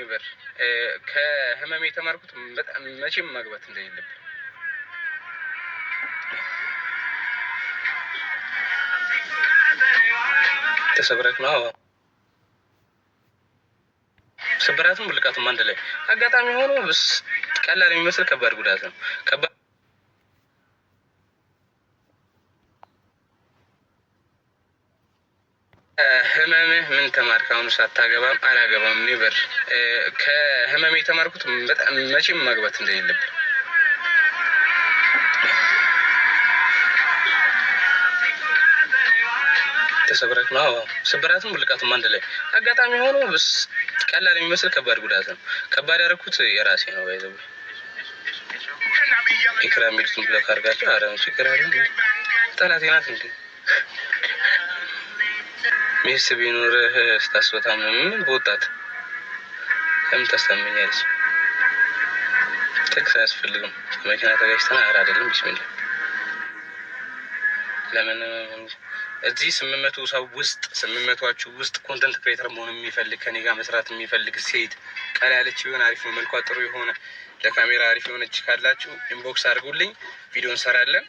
ዩበር ከህመም የተማርኩት በጣም መቼም ማግባት እንደሌለብን ተሰብረት ነው። ስብራቱም ብልቃቱም አንድ ላይ አጋጣሚ ሆኖ ቀላል የሚመስል ከባድ ጉዳት ነው። ህመምህ ምን ተማርክ? አሁኑ ሳታገባም አላገባም ኒበር ከህመም የተማርኩት በጣም መቼም ማግባት እንደሌለብ ተሰብረክ ነው። ስብራትም ውልቃቱም አንድ ላይ አጋጣሚ ሆኖ ቀላል የሚመስል ከባድ ጉዳት ነው። ከባድ ያደረኩት የራሴ ነው። ይዘ ኢክራም ሚሉትን ብለክ አድርጋቸው አረ ችግር አለ ጠላት ናት እንዴ ሚስት ቢኖርህ ምን በወጣት ለምን ታስታመኛለች? ጥቅስ አያስፈልግም። መኪና ተጋጭተን አር አይደለም ቢስሚላ ለምን እዚህ ስምንት መቶ ሰው ውስጥ ስምንት መቶዎቹ ውስጥ ኮንተንት ክሬተር መሆን የሚፈልግ ከኔ ጋር መስራት የሚፈልግ ሴት ቀላ ያለች ቢሆን አሪፍ ነው። መልኳ ጥሩ የሆነ ለካሜራ አሪፍ የሆነች ካላችሁ ኢንቦክስ አድርጉልኝ። ቪዲዮ እንሰራለን።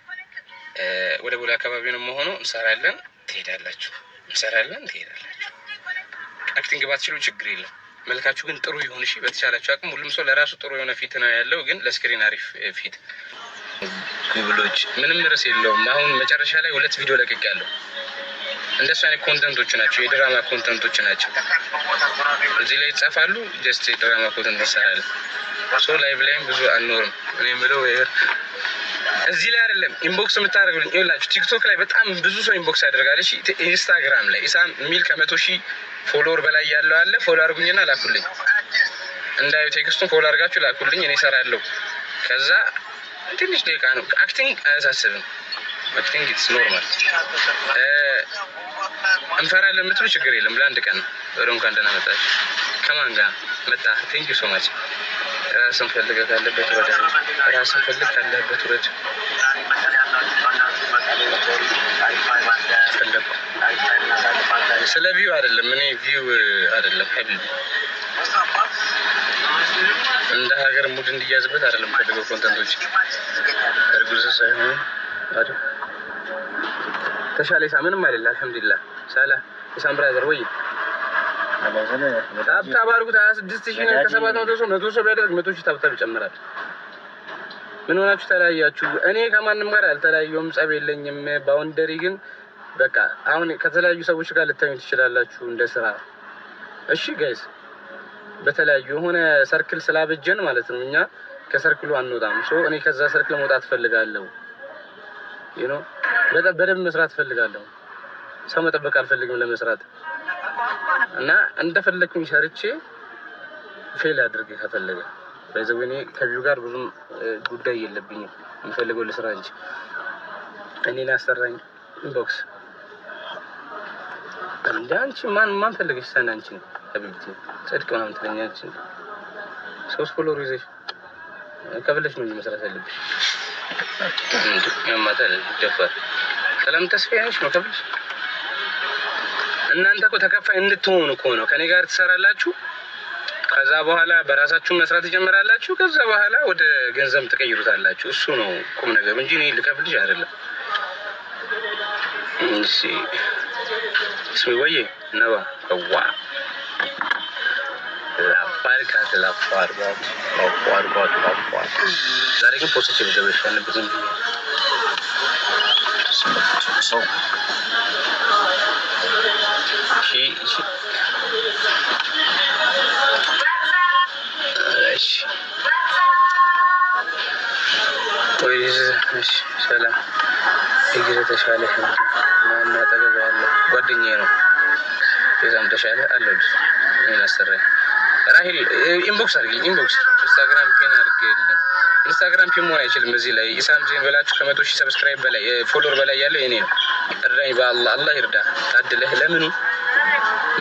ወደ ቦሌ አካባቢ ነው መሆኑ እንሰራለን። ትሄዳላችሁ እንሰራለን ትሄዳላችሁ። አክቲንግ ባትችሉ ችግር የለም። መልካችሁ ግን ጥሩ ይሁን። እሺ፣ በተቻላችሁ አቅም ሁሉም ሰው ለራሱ ጥሩ የሆነ ፊት ነው ያለው፣ ግን ለስክሪን አሪፍ ፊት ጉብሎች ምንም ርዕስ የለውም። አሁን መጨረሻ ላይ ሁለት ቪዲዮ ለቅቅ ያለው እንደሱ አይነት ኮንተንቶች ናቸው፣ የድራማ ኮንተንቶች ናቸው። እዚህ ላይ ይጻፋሉ፣ ጀስት የድራማ ኮንተንት እንሰራለን። ሶ ላይቭ ላይም ብዙ አንኖርም እኔ የምለው እዚህ ላይ አይደለም ኢንቦክስ የምታደርጉልኝ ይላችሁ። ቲክቶክ ላይ በጣም ብዙ ሰው ኢንቦክስ ያደርጋል። እሺ፣ ኢንስታግራም ላይ ኢሳም የሚል ከመቶ ሺህ ፎሎወር በላይ ያለው አለ። ፎሎ አድርጉኝና ላኩልኝ። እንዳዩ ቴክስቱን ፎሎ አድርጋችሁ ላኩልኝ። እኔ እሰራለሁ። ከዛ ትንሽ ደቂቃ ነው። አክቲንግ አያሳስብም። አክቲንግ ኢትስ ኖርማል። እንፈራለን የምትሉ ችግር የለም። ለአንድ ቀን ወደ እንኳን ደህና መጣችሁ። ከማን ጋር መጣ? ቴንክ ዩ ሶ ማች ራስን ፈልገህ ካለበት ወደ ራስን ፈልግ ካለበት ውረድ። ስለ ቪው አይደለም፣ እኔ ቪው አይደለም ሀቢቢ እንደ ሀገር ሙድ እንዲያዝበት አይደለም ፈልገው ኮንተንቶች እርጉዝ ሳይሆን አይደል ሳ ምንም አይደለ። አልሐምዱሊላህ ሳላ ኢሳም ወይ ታብታብ አድርጉት። ሀያ ስድስት ሺህ ከሰባት መቶ ሰው መቶ ሰው ቢያደርግ መቶ ሺህ ታብታብ ይጨምራል። ምን ሆናችሁ ተለያያችሁ? እኔ ከማንም ጋር አልተለያየሁም፣ ጸብ የለኝም። ባውንደሪ ግን በቃ አሁን ከተለያዩ ሰዎች ጋር ልታዩ ትችላላችሁ እንደ ስራ። እሺ ጋይስ፣ በተለያዩ የሆነ ሰርክል ስላበጀን ማለት ነው እኛ ከሰርክሉ አንወጣም። ሶ እኔ ከዛ ሰርክል መውጣት ፈልጋለሁ። ዩ በደንብ መስራት ፈልጋለሁ። ሰው መጠበቅ አልፈልግም ለመስራት እና እንደፈለግኩኝ ሰርቼ ፌል አድርግ ከፈለገ በዘወኔ ከዩ ጋር ብዙም ጉዳይ የለብኝ የሚፈልገው ለስራ እንጂ እኔን ያሰራኝ ኢንቦክስ እንደ አንቺ ማን ማን ፈለገች ሰን አንቺ ነው ጽድቅ ምናምን ትለኛ አንቺ ሶስት ፎሎር ይዘሽ ከፍለሽ ነው መስራት ያለብሽ። ማታ ደፋር ሰላም ተስፋ ያንሽ ነው ከፍለሽ እናንተ እኮ ተከፋይ እንድትሆኑ እኮ ነው። ከኔ ጋር ትሰራላችሁ፣ ከዛ በኋላ በራሳችሁ መስራት ትጀምራላችሁ፣ ከዛ በኋላ ወደ ገንዘብ ትቀይሩታላችሁ። እሱ ነው ቁም ነገር እንጂ እኔ ልከፍልሽ አይደለም። እሺ ስሚ ወይ ነባ ዋ ዛሬ ግን ፖስቲቭ ደበሽ ያለበት ሰው ሰላም እግረ ተሻለ ማና ጠገብ ያለው ጓደኛዬ ነው። ቤዛም ተሻለ አለው አሰራኝ ራሂል ኢንቦክስ አድርጊልኝ። ኢንቦክስ ኢንስታግራም ፒን አድርጌልኝ። ኢንስታግራም ፒን መሆን አይችልም። እዚህ ላይ ኢሳም ዜን በላችሁ ከመቶ ሺህ ሰብስክራይብ በላይ ፎሎወር በላይ ያለው የኔ ነው። እርዳኝ፣ በአላህ አላህ ይርዳ። ታድለህ ለምኑ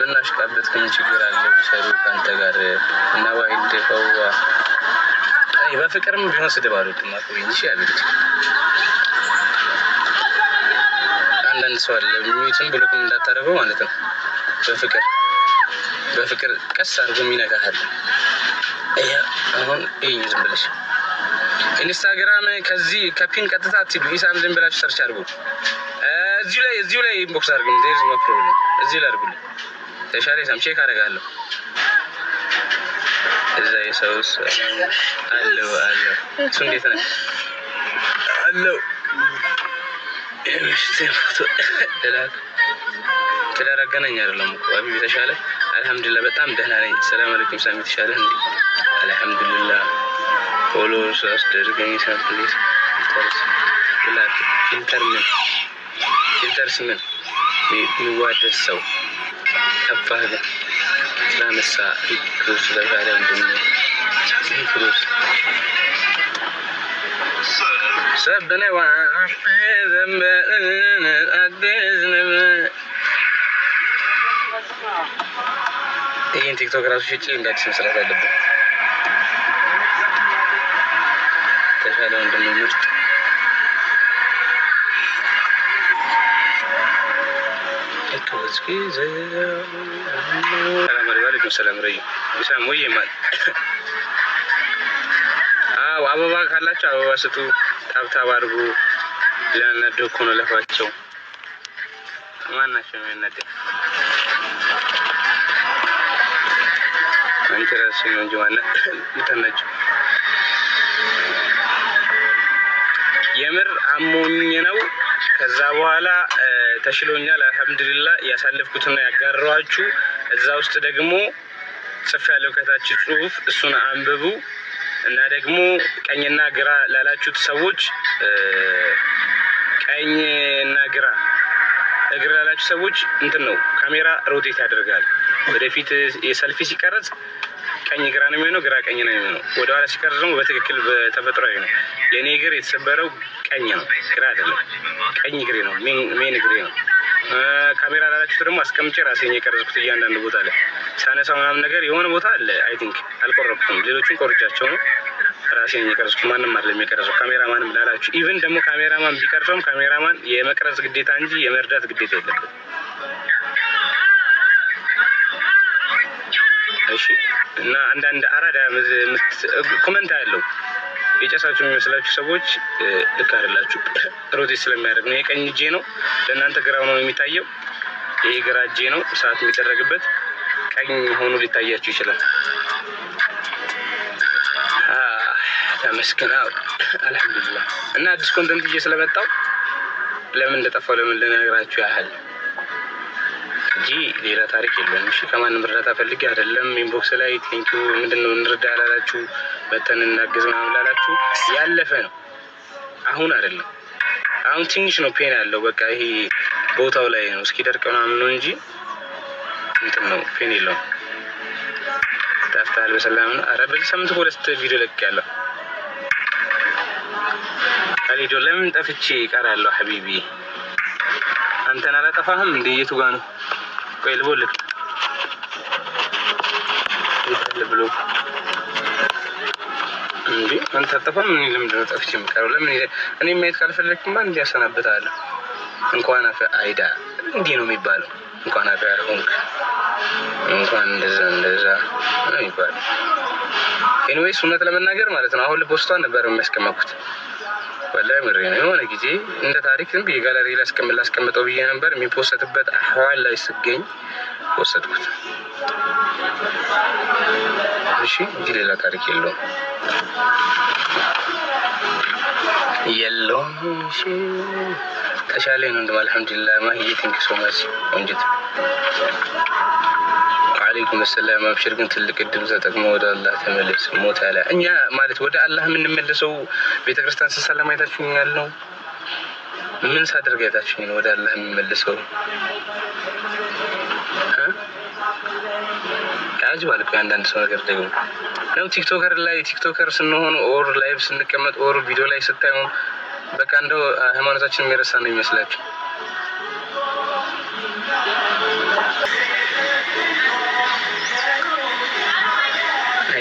በናሽቃበት ከዚህ ችግር አለ ቢሰሩ ከአንተ ጋር እና ዋይድ ፈዋ በፍቅርም ቢሆን ስድብ አልወድም። አፈወይንሽ ያሉት አንዳንድ ሰው አለ ሚዩትን ብሎክም እንዳታደርገው ማለት ነው። በፍቅር በፍቅር ቀስ አድርጎ የሚነካሃል። አሁን ይኝ ዝም ብለሽ ኢንስታግራም ከዚህ ከፒን ቀጥታ አትሂዱ። ኢሳም ዝም ብላችሁ ሰርች አድርጉ። እዚሁ ላይ እዚሁ ላይ ኢንቦክስ አድርጉ። ዜርዝ መክሮ ነው። እዚሁ ላይ አድርጉልኝ። ተሻለ ሳም ቼክ አደርጋለሁ። እዛ የሰውስ አለው አለው እሱ እንዴት ነው አለው የምሽት ፎቶ ተደረገነኝ አይደለም እኮ አቢብ የተሻለ አልሐምዱሊላ በጣም ደህና ነኝ። ሰላም አለይኩም ሳሚ የተሻለ እንዲ አልሐምዱሊላ ፎሎ ስደርገኝ ሳፕሌት ኢንተርስ ምን ፊልተርስ ምን የሚዋደድ ሰው አባህለ ስላነሳ ክሮስ ለዛሬ ወንድሜ ክሮስ ሰብነ ዘንበን አዲስ ነበ ይህን ቲክቶክ ራሱ ሽጭ እንደ አዲስ መስራት አለብን። ተሻለ ወንድሜ ምርጥ አበባ ካላቸው አበባ ስጡ፣ ታብታብ አድርጉ። ሊያናዱ እኮ ነው ለፋቸው። ማን የሚያናደው? አንቺ እራስሽ ነው እንጂ ማናት ልታናቸው። የምር አሞኝ ነው ከዛ በኋላ ተሽሎኛል፣ አልሐምዱሊላ እያሳለፍኩትና ያጋራኋችሁ። እዛ ውስጥ ደግሞ ጽፍ ያለው ከታች ጽሁፍ እሱን አንብቡ እና ደግሞ ቀኝና ግራ ላላችሁት ሰዎች ቀኝና ግራ እግር ላላችሁ ሰዎች እንትን ነው ካሜራ ሮቴት ያደርጋል ወደፊት የሰልፊ ሲቀረጽ ቀኝ ግራ ነው የሚሆነው፣ ግራ ቀኝ ነው የሚሆነው። ወደኋላ ሲቀር ደግሞ በትክክል ተፈጥሯዊ ነው። የእኔ እግር የተሰበረው ቀኝ ነው፣ ግራ አይደለም። ቀኝ እግሬ ነው፣ ሜን እግሬ ነው። ካሜራ ላላችሁ ደግሞ አስቀምጬ ራሴን የቀረጽኩት እያንዳንዱ ቦታ ላይ ሳነሳ ምናምን ነገር የሆነ ቦታ አለ። አይ ቲንክ አልቆረኩትም፣ ሌሎቹን ቆርጫቸው ነው ራሴን የቀረጽኩት። ማንም አለ የቀረጸው ካሜራማንም ላላችሁ። ኢቨን ደግሞ ካሜራማን ቢቀርጸውም ካሜራማን የመቅረጽ ግዴታ እንጂ የመርዳት ግዴታ የለበት። እሺ። እና አንዳንድ አራዳ ኮመንት ያለው የጨሳችሁ የሚመስላችሁ ሰዎች ልክ አይደላችሁ። ሮቴት ስለሚያደርግ ነው። የቀኝ እጄ ነው ለእናንተ ግራው ነው የሚታየው። ይህ ግራ እጄ ነው ሰዓት የሚደረግበት ቀኝ ሆኖ ሊታያችሁ ይችላል። ተመስገን አልሐምዱሊላህ። እና አዲስ ኮንተንት እዬ ስለመጣው ለምን እንደጠፋው ለምን ልነግራችሁ ያህል እንጂ ሌላ ታሪክ የለውም። እሺ ከማንም እርዳታ ፈልጌ አይደለም። ኢንቦክስ ላይ ቴንኪዩ ምንድን ነው እንርዳ ላላችሁ በተን እናግዝ ምናምን ላላችሁ ያለፈ ነው። አሁን አይደለም። አሁን ትንሽ ነው ፔን ያለው። በቃ ይሄ ቦታው ላይ ነው እስኪደርቅ ምናምን ነው እንጂ እንትን ነው ፔን የለውም። ጠፍተሃል በሰላም ነው። አረ በዚህ ሳምንት ሁለት ቪዲዮ ለቅ ያለው ካሊዶ ለምን ጠፍቼ ይቀራለሁ? ሀቢቢ አንተን አላጠፋህም እንዴ? የቱ ጋ ነው? ቆይ ልቦልክ ብሎ እንዴ አንተ አጠፋም። እኔ ለምንድን ነው ጠፍቼ የምቀረው? ለምን እኔ ማየት ካልፈለግክማ እንዲህ ያሰናብታለሁ። እንኳን አፈ አይዳ እንዲህ ነው የሚባለው። እንኳን አፈ ሆንክ እንኳን እንደዛ እንደዛ ነው የሚባለው። ኤኒዌይስ እውነት ለመናገር ማለት ነው አሁን ልቦስቷን ነበር የሚያስቀመጥኩት ወላሂ ምሬ ነው። የሆነ ጊዜ እንደ ታሪክ ዝም ብዬ ጋለሪ ላስቀምጠው ብዬ ነበር። የሚፖሰትበት አህዋል ላይ ስገኝ ወሰድኩት። እሺ እንጂ ሌላ ታሪክ የለውም የለውም። እሺ ተሻለ ነው። እንደማ አልሐምዱሊላህ ማ ይቲንክ ሶ ማች ወንጀት አለይኩም ሰላም። አብሽር ግን ትልቅ እድል ተጠቅሞ ወደ አላህ ተመለስ። ሞት አለ እኛ ማለት ወደ አላህ የምንመለሰው ቤተክርስቲያን ስሰለም አይታችሁኛል ነው ምን ሳደርግ አይታችሁኝ ወደ አላህ የምመለሰው? ከአጅብ አልኩ አንዳንድ ሰው ነገር ደግሞ ነው ቲክቶከር ላይ ቲክቶከር ስንሆን ኦር ላይቭ ስንቀመጥ ኦር ቪዲዮ ላይ ስታዩ በቃ እንደው ሃይማኖታችን የሚረሳ ነው ይመስላችሁ።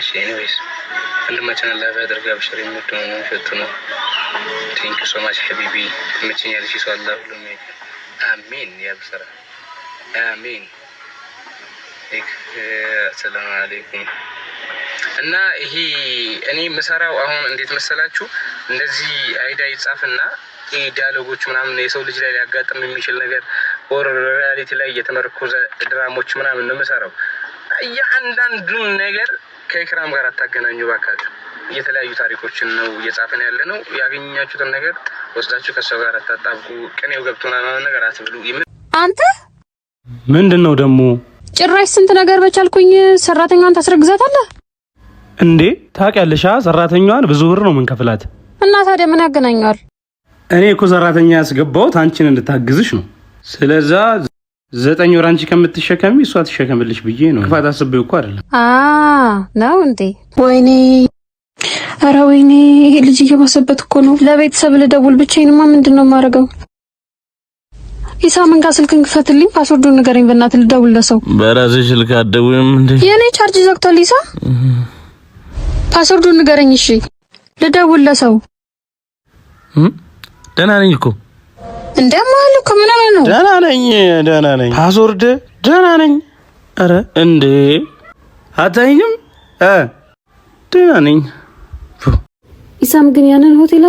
እሺ ኤኒዌይስ ወንድማችን አላህ ያድርግ። አብሽር የምትሆኑ ሸቱ ነው። ቴንክ ዩ ሶማች ሐቢቢ ትመቸኛለሽ። ሰው አላህ ሁሉም አሜን ያብሰራ አሜን። ሰላም አለይኩም እና ይሄ እኔ የምሰራው አሁን እንዴት መሰላችሁ፣ እንደዚህ አይዳ ይጻፍና ዳያሎጎች ምናምን የሰው ልጅ ላይ ሊያጋጥም የሚችል ነገር ኦር ሪያሊቲ ላይ የተመረኮዘ ድራሞች ምናምን ነው የምሰራው እያንዳንዱን ነገር ከኢክራም ጋር አታገናኙ እባካችሁ። የተለያዩ ታሪኮችን ነው እየጻፍን ያለ ነው። ያገኛችሁትን ነገር ወስዳችሁ ከሰው ጋር አታጣብቁ። ቅኔው ገብቶና ነገር አትብሉ። አንተ ምንድን ነው ደግሞ ጭራሽ ስንት ነገር በቻልኩኝ ሰራተኛዋን ታስረግዛታለህ እንዴ? ታውቂያለሽ፣ ሰራተኛዋን ብዙ ብር ነው ምንከፍላት እና ታዲያ ምን ያገናኘዋል? እኔ እኮ ሰራተኛ ያስገባሁት አንቺን እንድታግዝሽ ነው ስለዛ ዘጠኝ ወር አንቺ ከምትሸከሚ እሷ ትሸከምልሽ ብዬ ነው። ክፋት አስቤው እኮ አይደለም። አ ነው እንዴ? ወይኔ፣ አረ ወይኔ፣ ይሄ ልጅ እየባሰበት እኮ ነው። ለቤተሰብ ልደውል። ብቻዬንማ ምንድን ነው የማደርገው? ኢሳምን ጋር ስልክን ክፈትልኝ፣ ፓስወርዱን ንገረኝ በእናትህ፣ ልደውል ለሰው። በራስሽ ስልክ አትደውይም እንዴ? የኔ ቻርጅ ዘግቷል። ኢሳ፣ ፓስወርዱን ንገረኝ። እሺ፣ ልደውል ለሰው። ደህና ነኝ እኮ እንደማሉ ከምናምን ነው። ደህና ነኝ፣ ደህና ነኝ። ፓስወርድ ደህና ነኝ። አረ እንዴ አታይኝም? እ ደህና ነኝ። ኢሳም ግን ያንን ሆቴል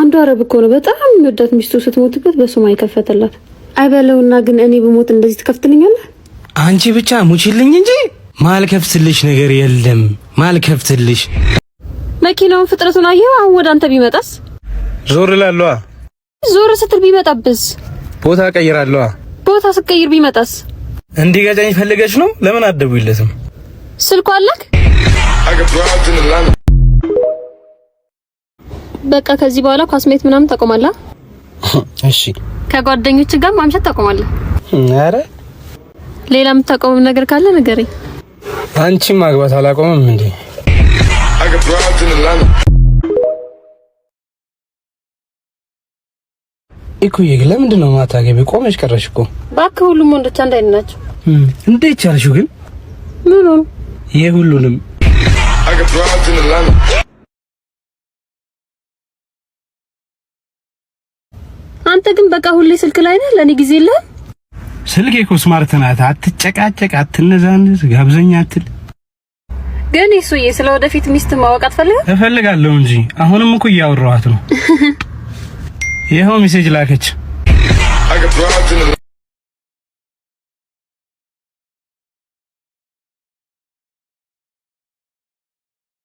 አንዱ አረብ እኮ ነው በጣም የሚወዳት ሚስቱ ስትሞትበት በሶማይ ከፈተላት። አይበለውና ግን እኔ ብሞት እንደዚህ ትከፍትልኛለህ? አንቺ ብቻ ሙችልኝ እንጂ ማልከፍትልሽ ነገር የለም ማልከፍትልሽ። መኪናውን ፍጥረቱን አሁን ወደ አንተ ቢመጣስ? ዞር ላለዋ ዞር ስትል ቢመጣብስ? ቦታ ቀይራለሁ። ቦታ ስቀይር ቢመጣስ? እንዲገዛኝ ፈልገሽ ነው? ለምን አትደውይለትም? ስልኩ አለክ? በቃ ከዚህ በኋላ ኳስ ሜት ምናምን ታቆማለህ? እሺ። ከጓደኞች ጋር ማምሸት ታቆማለህ? አረ ሌላ የምታቆመው ነገር ካለ ንገረኝ። አንቺ ማግባት አላቆምም እንዴ? እኩዬ ግን ለምንድን ነው ማታገቢ? ቆመሽ ቀረሽ እኮ እባክህ። ሁሉም ወንዶች አንድ አይነት ናቸው። እንዴት ቻልሽው ግን? ምኑን? ይሄ ሁሉንም አንተ ግን በቃ ሁሌ ስልክ ላይ ነህ፣ ለኔ ጊዜ የለህም። ስልኬ እኮ ስማርት ናት። አትጨቃጨቅ፣ አትነዛንዝ፣ ጋብዘኛ አትል። ግን እሱዬ ስለ ወደፊት ሚስት ማወቅ አትፈልግም? እፈልጋለሁ እንጂ አሁንም እኮ እያወራኋት ነው ይኸው ሜሴጅ ላከች።